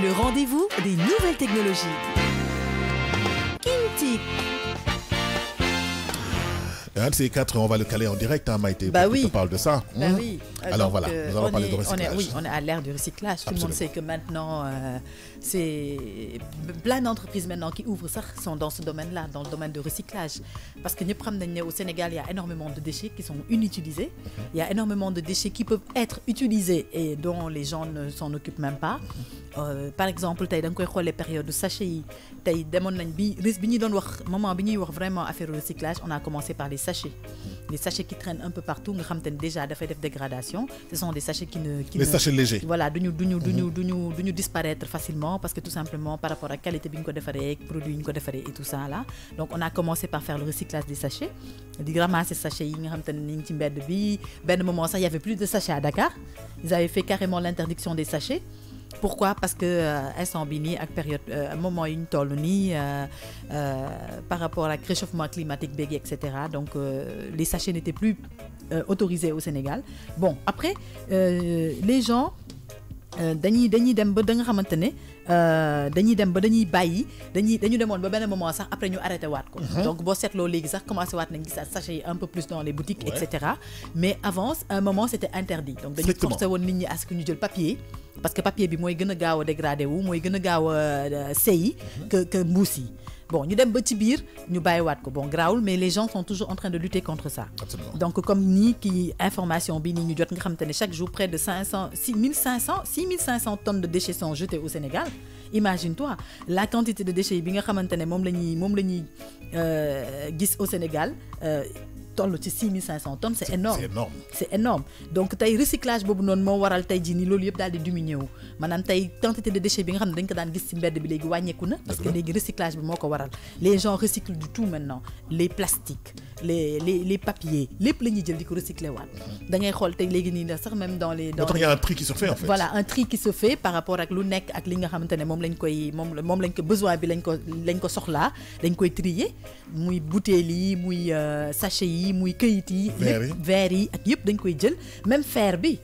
le rendez-vous des nouvelles technologies. Kinti. Un de ces quatre, on va le caler en direct, hein, Maïté. Bah oui. On parle de ça. Bah hein? Alors, voilà, euh, nous allons parler de recyclage. On est, oui, on est à l'ère du recyclage. Tout le monde sait que maintenant, euh, c'est plein d'entreprises maintenant qui ouvrent ça sont dans ce domaine-là, dans le domaine de recyclage. Parce que au Sénégal, il y a énormément de déchets qui sont inutilisés. Mhm. Il y a énormément de déchets qui peuvent être utilisés et dont les gens ne s'en occupent même pas. Euh, par exemple tay dang koy xolé période sachet yi tey demoon nañ bi risque bi ñi doon wax moment bi ñi wax vraiment affaire recyclage on a commencé par les sachets les sachets qui traînent un peu partout nga xam tane déjà déjà fay def dégradation ce sont des sachets qui ne qui les sachets légers voilà duñu duñu duñu mhm. duñu duñu disparaître facilement parce que tout simplement par rapport la qualité bi ñu ko defaree ak produit ñu et tout ça là donc on a commencé par faire le recyclage des sachets di ramasser sachets yi nga xam tane ne ñu ci mbedd bi ben moment il y avait plus de sachets à Dakar ils avaient fait carrément l'interdiction des sachets pourquoi parce que euh, elles sont euh, nii à période moment une ñu euh, par rapport la réchauffement climatique etc. donc euh, les sachets n'étaient plus autorisés au Sénégal bon après les gens dañuy dañuy dem ba da nga xamante euh dañuy dem ba dañuy bàyyi dañuy dañu de ba ben moment sax après ñu arrêté ko. Mhm. donc set lo légui sax commencé wat nañu gisaat sachet un peu plus dans les boutiques. etc. mais avant un moment c'était interdit. donc dañu forcé woon nit ñi à ce que ñu jël papier parce que papier bi moy gëna dégradé wu moy gëna gaaw euh, que que mbuus bon ñu dem ba ci biir ñu bàyyiwaat ko bon mais les gens sont toujours en train de lutter contre ça donc comme nous qui information bi ni ñu jot nga chaque jour près de 500 6500 tonnes de déchets sont jetés au Sénégal imagine toi la quantité de déchets qui bi nga mom lañuy euh, gis au Sénégal euh, toll ci 6500 tonnes c'est énorme c'est énorme donc tay recyclage bobu non mo waral tay jii nii loolu yëpp daal di diminuer manam tay quantité de déchets bi nga xamne dañ ko daan gis ci mbedd bi légui wàññeeku na parce que légui recyclage bi moko waral les gens recyclent du tout maintenant les plastiques les les les papiers lepp lañu jël di ko recycler wat mhm. da ngay xool tey léegi nii sax même dans les dans il y a un tri qui se fait en fait voilà un tri qui se fait par rapport ak lu nekk ak li nga xamantene mom lañ koy mom mom lañ ko besoin bi lañ ko lañ ko soxla dañ koy trier muy bouteille yi muy euh, yi yi muy këyit yi lépp verre yi ak yëpp dañ koy jël même fair bi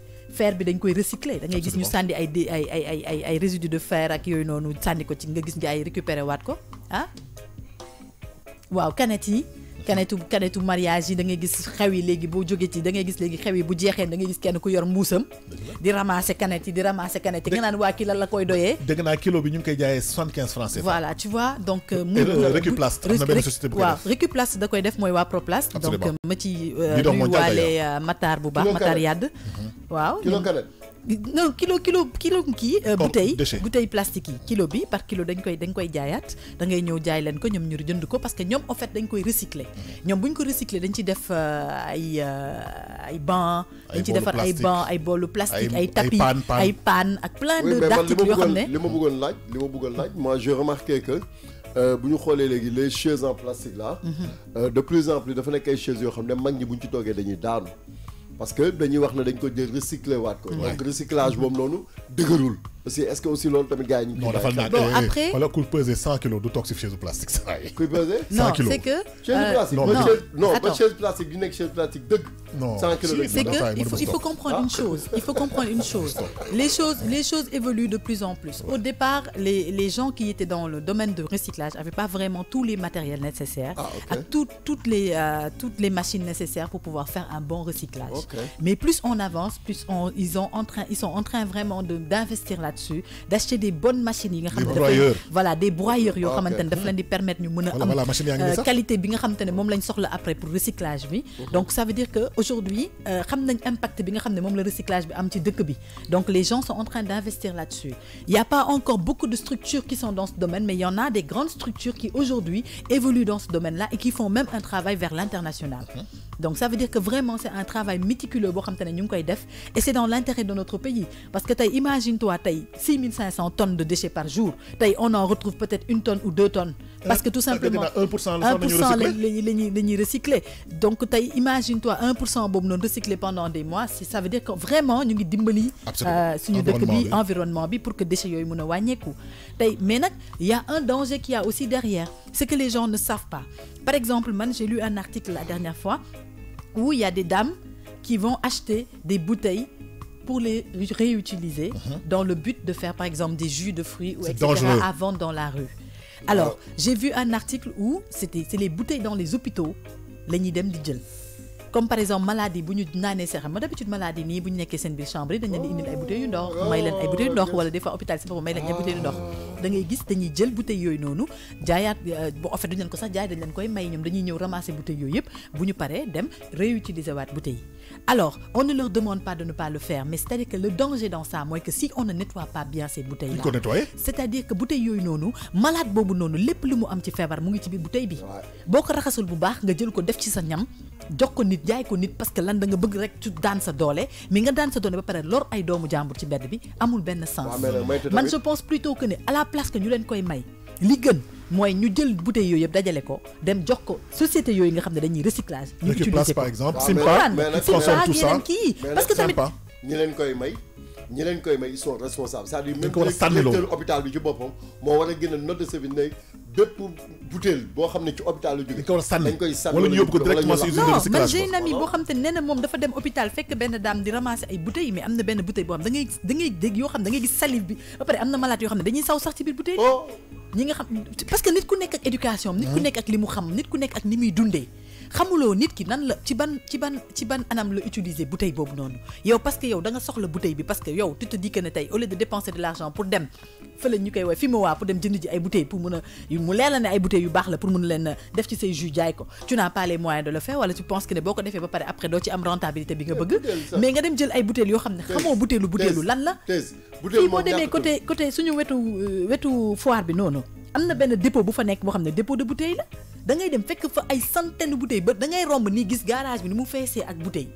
fer bi dañ koy recycler da gis ñu sànni ay ay ay ay ay ay résidus de fair ak yooyu noonu sànni ko ci nga gis nga ay récupérer waat ko ah waaw canette yi kanetu kanetu mariage yi da ngay gis xew yi léegi boo jógee ci da ngay gis léegi xew yi bu jeexee da ngay gis kenn ku yor mbuusam di ramasser kanet yi di ramasser kanet yi nga naan waa ki lan la koy doyee dégg naa kilo bi ñu ngi koy jaayee soixante-quinze CFA. voilà tu vois donc euh, mu récuplast am na benn société bu koy def waaw récuplast da koy def mooy waa Proplace. donc ma ci euh, nuy waale euh, Matar bu baax Matar Yàdd mhm waaw kilo karet non kilo kilo kilo kii euh, bouteille bouteille plastique yi kilo bi par kilo dañ koy dañ koy jaayaat da ngay ñëw jaay leen ko ñoom ñu jënd ko parce que ñoom au fait dañ koy recycler mm-hmm. ñoom bu ñu ko recycler dañ ci def euh, ay euh, ay banc dañ ci defar ay banc ay bolu plastique ay tapis ay paan ak plein de d'articles yoo xam ne li ma bëggoon laaj li ma bëggoon laaj moi je remarqué que bu ñu xoolee léegi les chaises en plastique là mm-hmm. euh, de plus en plus dafa nekk ay chaises yoo xam ne mag ñi bu ñu ci toogee dañuy daanu parce que dañuy wax na dañ ko jël recycler waat ko donc recyclage boobu noonu dëgërul aussi est-ce que aussi l'on tamit gars non eh, eh, eh. après wala kuy peser 100 kilos de toxique chez chaise plastique ça yi. que peser 100 kilos non c'est que. chaise euh, plastique non non chaise plastique du plastique non c'est que il faut il faut comprendre ah. une chose il faut comprendre une chose les choses les choses évoluent de plus en plus. au départ les les gens qui étaient dans le domaine de recyclage avaient pas vraiment tous les matériels nécessaires. Ah, à toutes toutes les euh, toutes les machines nécessaires pour pouvoir faire un bon recyclage. mais plus on avance plus on ils ont en train ils sont en train vraiment de d'investir là dessus d'acheter des bonnes machines voilà des broyeurs yo permettent ah, daf la permettre ñu euh, qualité bi nga après pour recyclage bi donc ça veut dire que aujourd'hui euh, xam impact bi nga recyclage bi am ci donc les gens sont en train d'investir là-dessus il n'y a pas encore beaucoup de structures qui sont dans ce domaine mais il y en a des grandes structures qui aujourd'hui évoluent dans ce domaine-là et qui font même un travail vers l'international donc ça veut dire que vraiment c'est un travail méticuleux et c'est dans l'intérêt de notre pays parce que as imagine toi tey 6500 tonnes de déchets par jour on en retrouve peut-être une tonne ou deux tonnes. Hein? parce que tout simplement 1 les recyclés donc imagine toi 1 bon recyclés pendant des mois ça veut dire que vraiment nous avons dimbali. Euh, environnement pour que les déchets soient mais il y a un danger Qui y a aussi derrière c'est que les gens ne savent pas par exemple j'ai lu un article la dernière fois où il y a des dames qui vont acheter des bouteilles pour les réutiliser mhm. dans le but de faire par exemple des jus de fruits ou etc. à vendre dans la rue. Alors, j'ai vu un article où c'était les bouteilles dans les hôpitaux, les Nidem Dijon comme par exemple maladie bu ñu naanee seen xam nga d'habitude maladie ni bu ñu nekkee seen bir chambre yi dañ leen di ay bouteille yu ndox oh. may leen ay bouteille yu ndox wala des fois hôpital si boppam may leen ay bouteille yu ndox oh. da ngay gis dañuy jël bouteille yooyu noonu jaayaat euh, bu offert duñu leen ko sax jaay dañ leen koy may ñoom dañuy ñëw ramasser bouteille yooyu yëpp bu ñu paree dem réutiliser waat bouteille alors on ne leur demande pas de ne pas le faire mais c'est-à-dire que le danger dans ça mooy que si on ne nettoie pas bien ces bouteilles là c'est-à-dire que bouteille yooyu noonu malade boobu noonu lépp lu mu am ci feebar mu ngi ci bi bouteille bi boo ko raxasul bu baax nga jël ko def ci sa ñam jox ko nit jaay ko nit parce que lan da nga bëgg rek ci daan sa doole mi nga daan sa doole ba pare lor ay doomu jàmbur ci mbedd bi amul benn sens man je pense plutôt que ne à la place que ñu leen koy may li gën mooy ñu jël bouteille yooyu yëpp dajale ko dem jox ko société yooyu nga xam ne dañuy recyclage ñu utiliser par exemple Simpa Simpa yeneen kii parce que tamit ñi leen koy may ñi leen koy may ils sont responsables c'est-à-dire même directeur hôpital bi ci boppam moo war a gën a note service bépp butéel boo xam ne ci hôpital la jógee. a sànni dañ koy sànni wala ñu yóbbu ko directement si usine de recyclage. non man j'ai une boo xam te nee moom dafa dem hôpital fekk benn daam di ramasser ay bouteilles mais am na benn bouteille boo xam da ngay dégg yoo xam da gis salive bi ba pare am na malade yoo xam ne dañuy saw sax ci biir bouteille. Oh. ñi nga xam parce nit ku nekk ak éducation nit ku nekk ak li mu xam nit ku nekk ak ni muy dundee xamuloo nit ki nan la ci ban ci ban ci ban anam la utiliser bouteille boobu noonu yow parce que yow da nga soxla bouteille bi parce que yow tu te dis que ne tey au lieu de dépenser de l'argent pour dem fële ñu koy woy fi mu waa pour dem jënd ji ay bouteille pour mun a mu leer la ne ay bouteille yu baax la pour mun leen def ci say jus jaay ko tu n'as pas les moyens de le faire wala tu penses que ne boo ko defee ba pare après doo ci am rentabilité bi nga bëgg mais nga dem jël ay bouteille, yoo xam ne xamoo bouteille lu bouteille lan la fii boo demee côté côté suñu wetu euh, wetu foire bi noonu am na benn dépôt bu fa nekk boo xam ne dépôt de bouteille la da ngay dem fekk fa ay centaine bouteille ba da ngay romb ni gis garage bi ni mu feesee ak bouteille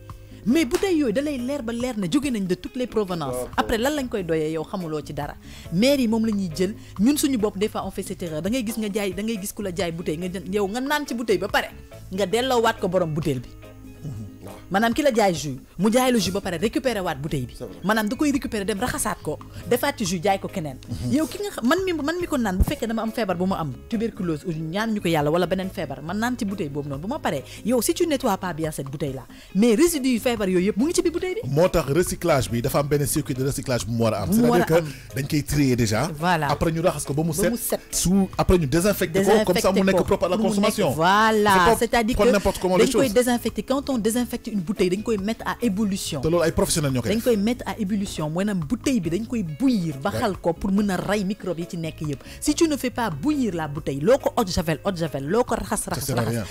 mais bouteille yooyu dalay leer ba leer na jóge nañ de toutes les provenances après lan lañ koy doyee yow xamuloo ci dara maire yi moom la ñuy jël ñun suñu bopp des fois on fait cette gis nga jaay dangay gis ku la jaay bouteille nga jël yow nga naan ci bouteille ba pare nga delloowaat ko borom butéel bi Manam ki la jaay jus mu jaay la jus ba pare récupérer waat bouteille Manam maanaam da koy récupérer dem raxasaat ko defaat ci jus ko keneen yow ki nga man mi man mi ko nan bu fekkee dama am feebar bu am tuberculose ñaan ñu ko wala benen feebar man naan ci bouteille boobu noonu bu ma yow si tu nettoie pas bien cette bouteille là mais résidu yu feebar yooyu mu ngi ci bi bouteille bi moo recyclage bi dafa am benn circuit de recyclage bu am c'est-à-dire que dañ koy trier déjà voilà après ñu raxas ko ba set su après ñu désinfecter ko comme ça mu nekk propre à la consommation voilà c'est-à-dire que dañ koy désinfecter quand on désinfecte fait une bouteille dañ koy mettre à ébullition te loolu ay professionnel ñoo koy dañ koy mettre à ébullition maanaam bouteille bi dañ koy bouillir ba xal ko pour mën ray microbe yi ci nekk yëpp si tu ne fais pas bouillir la bouteille loko ko eau de javel eau de javel loo raxas raxas raxas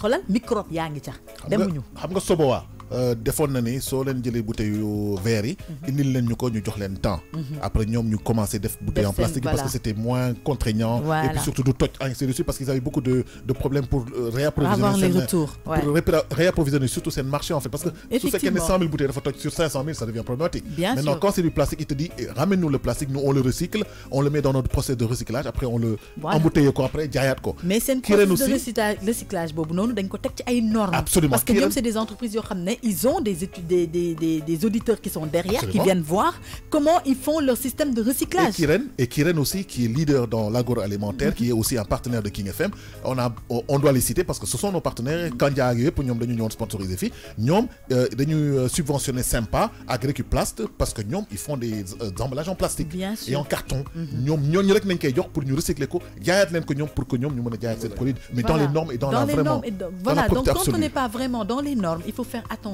xoolal microbe yaa ngi ca demuñu xam nga sobo wa euh, defoon na ni soo leen jëlee bouteille yu verre yi. Mhm. indil leen ñu ko ñu jox leen temps. Mhm. après ñoom ñu commencé def bouteille en plastique parce que c'était moins contraignant. et puis surtout du toj ainsi parce qu'ils avaient beaucoup de de problèmes pour euh, réapprovisionner. avoir les retours euh, pour réapprovisionner surtout le marché en fait parce que. su fekkee ne 100 000 bouteilles dafa toj sur 500 000 ça devient problématique. bien sûr maintenant quand c'est du plastique il te dit eh, ramène nous le plastique nous on le recycle on le met dans notre procès de recyclage après on le. embouteille ko après jaayaat ko. mais c'est seen procès de recyclage boobu noonu dañ ko teg ci ay normes. parce que nous, c'est des entreprises yoo ont ils ont des, études, des, auditeurs qui sont derrière, qui viennent voir comment ils font leur système de recyclage. Et Kiren, aussi, qui est leader dans l'agroalimentaire, mhm. qui est aussi un partenaire de King FM. On, a, on doit les citer parce que ce sont nos partenaires. Quand il arrivé pour nous, nous sponsoriser, nous euh, euh, subventionner sympa agriculplast, parce que nous, ils font des, euh, emballages en plastique et en carton. Mhm. Nous, pour nous recycler, pour que nous, mais dans les normes et dans, la Voilà, donc quand on n'est pas vraiment dans les normes, il faut faire attention.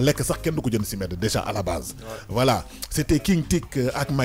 Les sax kenn du ko jënd si mbedd déjà à la base. voilà c'était King Tic euh, ak